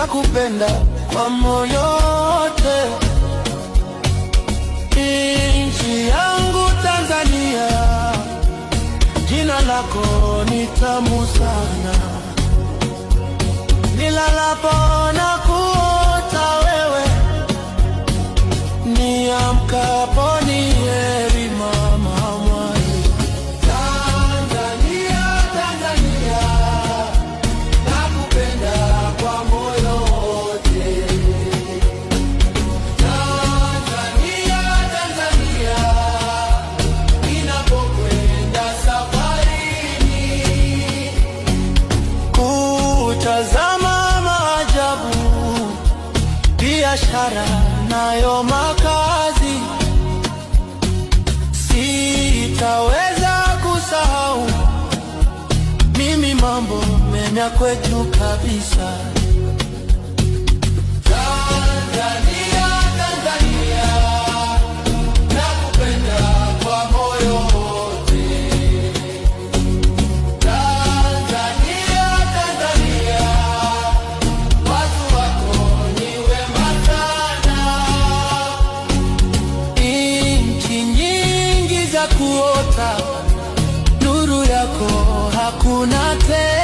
nakupenda kwa moyo wote, nchi yangu Tanzania, jina lako ni tamu sana, nilalapo na kuota wewe, niamkapo biashara nayo makazi, sitaweza kusahau mimi mambo mema kwetu kabisa. kuota, nuru yako hakuna tena.